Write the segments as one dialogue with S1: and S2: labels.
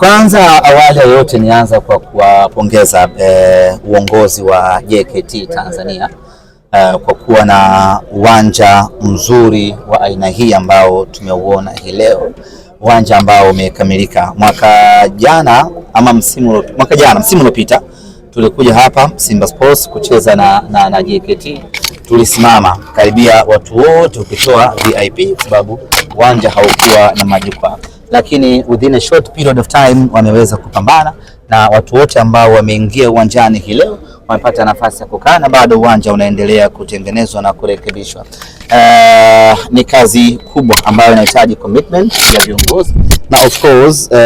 S1: Kwanza awali ya yote nianza kwa kuwapongeza eh, uongozi wa JKT Tanzania eh, kwa kuwa na uwanja mzuri wa aina hii ambao tumeuona hii leo, uwanja ambao umekamilika mwaka jana ama msimu, mwaka jana msimu uliopita tulikuja hapa Simba Sports kucheza na, na, na JKT tulisimama karibia watu wote ukitoa VIP sababu uwanja haukuwa na majukwaa lakini within a short period of time wameweza kupambana na watu wote ambao wameingia uwanjani hii leo wamepata nafasi ya kukaa na bado uwanja unaendelea kutengenezwa na kurekebishwa. Uh, ni kazi kubwa ambayo inahitaji commitment ya viongozi na of course uh,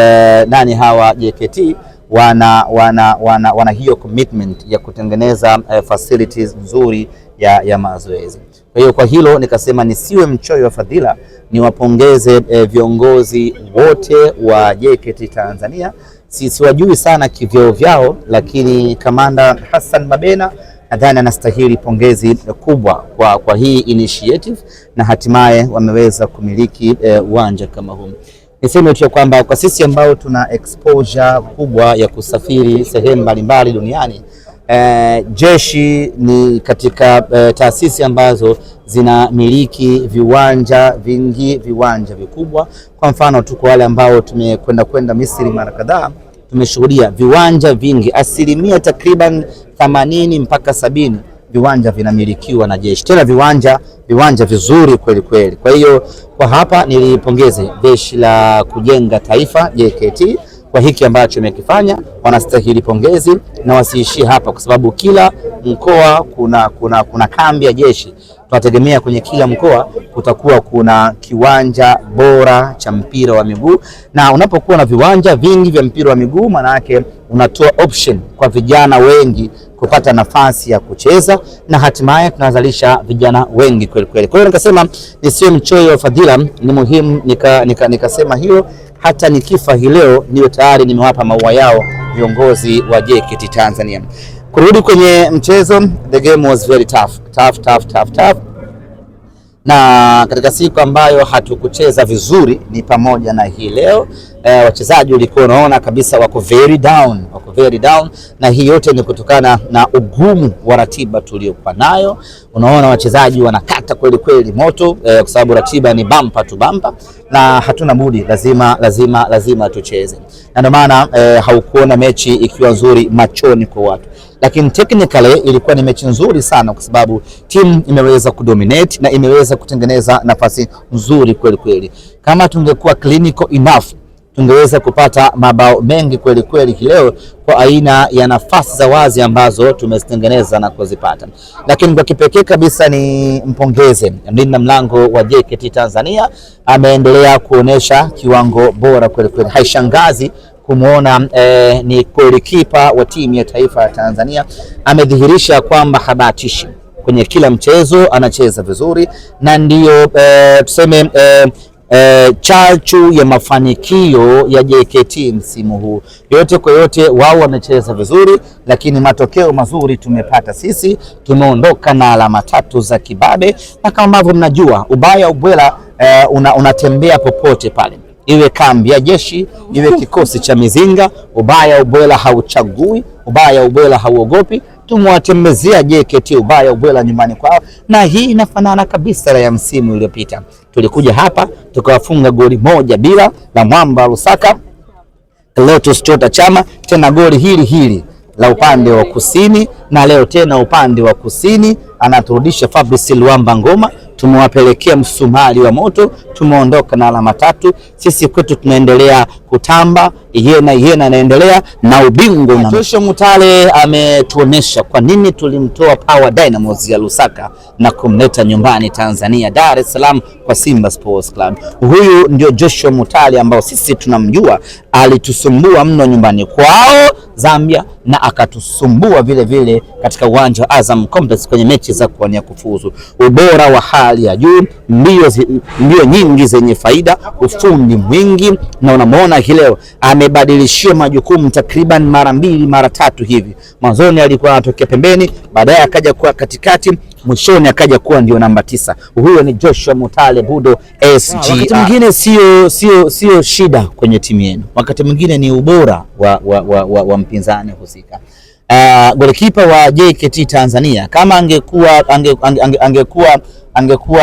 S1: nani hawa JKT wana, wana, wana, wana hiyo commitment ya kutengeneza uh, facilities nzuri ya, ya mazoezi. Kwa hiyo kwa hilo nikasema nisiwe mchoyo wa fadhila, niwapongeze e, viongozi wote wa JKT Tanzania. Siwajui sana kivyo vyao, lakini kamanda Hassan Mabena nadhani anastahili pongezi kubwa kwa, kwa hii initiative na hatimaye wameweza kumiliki eh, uwanja e, kama huu. Niseme tu kwamba kwa sisi ambao tuna exposure kubwa ya kusafiri sehemu mbalimbali duniani Eh, jeshi ni katika eh, taasisi ambazo zinamiliki viwanja vingi, viwanja vikubwa. Kwa mfano tu kwa wale ambao tumekwenda kwenda Misri mara kadhaa, tumeshuhudia viwanja vingi, asilimia takriban themanini mpaka sabini viwanja vinamilikiwa na jeshi, tena viwanja viwanja vizuri kweli kweli. Kwa hiyo kwa hapa nilipongeze Jeshi la Kujenga Taifa JKT kwa hiki ambacho imekifanya, wanastahili pongezi na wasiishie hapa, kwa sababu kila mkoa kuna, kuna, kuna kambi ya jeshi. Tunategemea kwenye kila mkoa kutakuwa kuna kiwanja bora cha mpira wa miguu, na unapokuwa na viwanja vingi vya mpira wa miguu, yake unatoa option kwa vijana wengi kupata nafasi ya kucheza na hatimaye tunazalisha vijana wengi kweli kweli. Kwa hiyo nikasema nisiwe mchoyo wa fadhila, ni muhimu nikasema nika, nika hiyo hata nikifa hii leo niwe tayari nimewapa maua yao viongozi wa JKT Tanzania. Kurudi kwenye mchezo, the game was very tough. Tough, tough, tough, tough. Na katika siku ambayo hatukucheza vizuri ni pamoja na hii leo eh, wachezaji ulikuwa unaona kabisa wako very down, wako very down, na hii yote ni kutokana na ugumu wa ratiba tuliyokuwa nayo. Unaona wachezaji wanakata kweli kweli moto eh, kwa sababu ratiba ni bampa tu bampa, na hatuna budi, lazima lazima lazima tucheze, na ndio maana eh, haukuona mechi ikiwa nzuri machoni kwa watu lakini technically ilikuwa ni mechi nzuri sana kwa sababu timu imeweza kudominate na imeweza kutengeneza nafasi nzuri kweli kweli. Kama tungekuwa clinical enough tungeweza kupata mabao mengi kweli kweli kileo kwa aina ya nafasi za wazi ambazo tumezitengeneza na kuzipata, lakini kwa kipekee kabisa ni mpongeze mlinda mlango wa JKT Tanzania, ameendelea kuonesha kiwango bora kweli kweli. Haishangazi kumwona eh, ni golikipa wa timu ya taifa ya Tanzania. Amedhihirisha kwamba habatishi kwenye kila mchezo, anacheza vizuri na ndiyo eh, tuseme eh, e, chachu ya mafanikio ya JKT msimu huu. Yote kwa yote, wao wamecheza vizuri, lakini matokeo mazuri tumepata sisi. Tumeondoka na alama tatu za kibabe, na kama ambavyo mnajua ubaya ubwela e, una, unatembea popote pale iwe kambi ya jeshi iwe kikosi cha mizinga, ubaya ubwela hauchagui, ubaya ubwela hauogopi tumewatembezea JKT ubaya ubwela nyumbani kwao, na hii inafanana kabisa na ya msimu uliopita. Tulikuja hapa tukawafunga goli moja bila la mwamba Lusaka. Leo tusichota chama tena goli hili hili la upande wa kusini, na leo tena upande wa kusini anaturudisha Fabrice Luamba Ngoma tumewapelekea msumari wa moto, tumeondoka na alama tatu. Sisi kwetu tunaendelea kutamba, na yeye anaendelea na ubingwa na Tosho Mutale ametuonesha kwa nini tulimtoa Power Dynamos ya Lusaka na kumleta nyumbani Tanzania, Dar es Salaam kwa Simba Sports Club. Huyu ndio Joshua Mutale ambao sisi tunamjua, alitusumbua mno nyumbani kwao Zambia na akatusumbua vile vile katika uwanja wa Azam Complex kwenye mechi za kuwania kufuzu. Ubora wa hali ya juu, mbio, mbio nyingi zenye faida, ufundi mwingi, na unamwona hii leo amebadilishiwa majukumu takriban mara mbili mara tatu hivi. Mwanzoni alikuwa anatokea pembeni, baadaye akaja kuwa katikati mwishoni akaja kuwa ndio namba tisa. Huyo ni Joshua Mutale Budo SG. Wakati
S2: mwingine sio sio sio shida kwenye timu yenu, wakati mwingine ni ubora wa, wa, wa, wa, wa mpinzani husika. Uh, ah, golikipa wa JKT Tanzania kama angekuwa ange, ange, ange, angekuwa angekuwa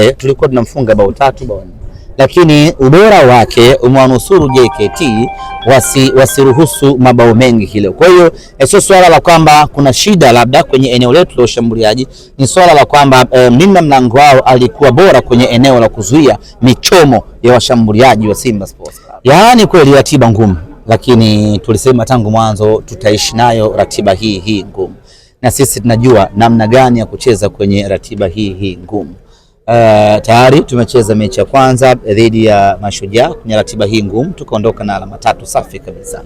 S2: e, tulikuwa tunamfunga bao tatu bao nne, lakini ubora wake umewanusuru JKT wasi, wasiruhusu mabao mengi hilo. Kwa hiyo eh, sio swala la kwamba kuna shida labda kwenye eneo letu la ushambuliaji, ni swala la kwamba e, eh, mlinda mlango wao alikuwa bora kwenye eneo la kuzuia michomo ya washambuliaji wa Simba Sports Club. Yaani kweli atiba ngumu lakini tulisema tangu mwanzo tutaishi nayo ratiba hii hii ngumu, na sisi tunajua namna gani ya kucheza kwenye ratiba hii hii ngumu. Uh, tayari tumecheza mechi ya kwanza dhidi ya Mashujaa kwenye ratiba hii ngumu, tukaondoka na alama tatu safi kabisa.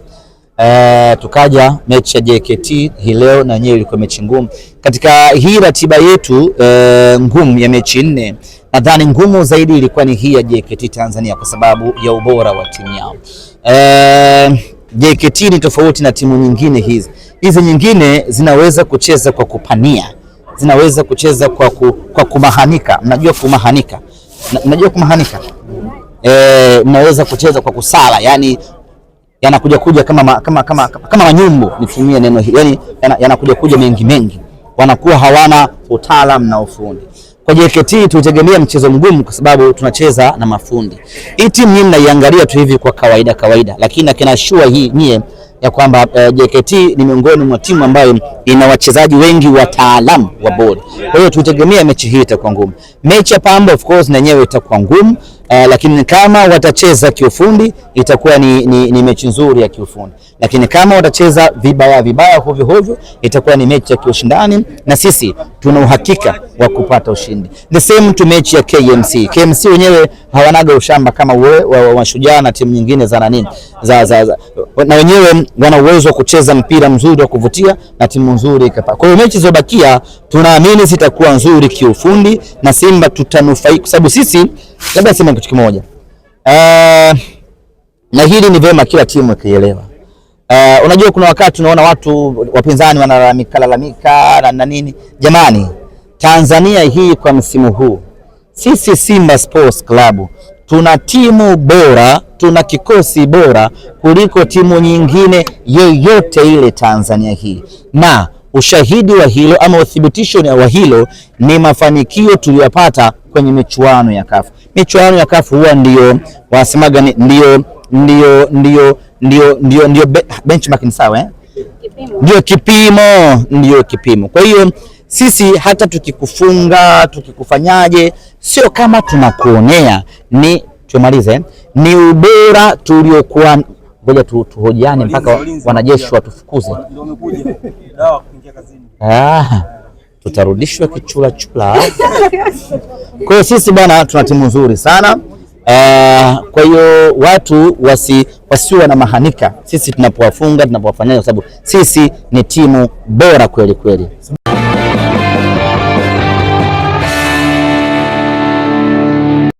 S2: Uh, tukaja mechi ya JKT hii leo na yenyewe ilikuwa mechi ngumu. Katika hii ratiba yetu uh, ngumu ya mechi nne, nadhani ngumu zaidi ilikuwa ni hii ya JKT Tanzania kwa sababu ya ubora wa timu yao. Eh, JKT ni tofauti na timu nyingine hizi. Hizi nyingine zinaweza kucheza kwa kupania, zinaweza kucheza kwa, ku, kwa kumahanika. Mnajua kumahanika? Mnajua kumahanika? E, mnaweza kucheza kwa kusala, yani yanakuja kuja kama, kama, kama, kama manyumbu nitumie neno hili, yani yanakuja kuja mengi mengi, wanakuwa hawana utaalamu na ufundi. Kwa JKT tulitegemea mchezo mgumu, kwa sababu tunacheza na mafundi. Hii timu mimi naiangalia tu hivi kwa kawaida kawaida, lakini akina shua hii nyie ya kwamba uh, eh, JKT ni miongoni mwa timu ambayo ina wachezaji wengi wataalamu wa bodi. Kwa hiyo tutegemea mechi hii itakuwa ngumu. Mechi ya Pamba of course na yenyewe itakuwa ngumu uh, lakini kama watacheza kiufundi itakuwa ni, ni, ni mechi nzuri ya kiufundi lakini kama watacheza vibaya vibaya hovyo hovyo, itakuwa ni mechi ya kiushindani na sisi tuna uhakika wa kupata ushindi. The same to mechi ya KMC. KMC wenyewe hawanaga ushamba kama Mashujaa wa, wa na timu nyingine za nani za, za, za, na wenyewe wana uwezo wa kucheza mpira mzuri wa kuvutia na timu nzuri. Kwa hiyo mechi zilizobakia tunaamini zitakuwa nzuri kiufundi na Simba tutanufaika, kwa sababu sisi, labda sema kitu kimoja uh, na hili ni vema kila timu ikielewa Uh, unajua kuna wakati tunaona watu wapinzani wanalalamika lalamika na nini. Jamani, Tanzania hii kwa msimu huu sisi Simba Sports Club tuna timu bora, tuna kikosi bora kuliko timu nyingine yoyote ile Tanzania hii, na ushahidi wa hilo ama uthibitisho wa hilo ni mafanikio tuliyopata kwenye michuano ya kafu. Michuano ya kafu huwa ndio wasemaga, ndio ndio ndio ndio, ndio, ndio benchmark ni sawa eh? Kipimo. Ndio kipimo, ndio kipimo. Kwa hiyo sisi hata tukikufunga tukikufanyaje, sio kama tunakuonea, ni tumalize, eh? ni ubora tuliokuwa. Ngoja tu, tuhojiane mpaka wanajeshi watufukuze. Ah, tutarudishwa kichulachula. Kwa hiyo sisi bwana, tuna timu nzuri sana. Ah, kwa hiyo watu wasi wasiwe na mahanika sisi tunapowafunga tunapowafanyia, kwa sababu sisi ni timu bora kweli kweli.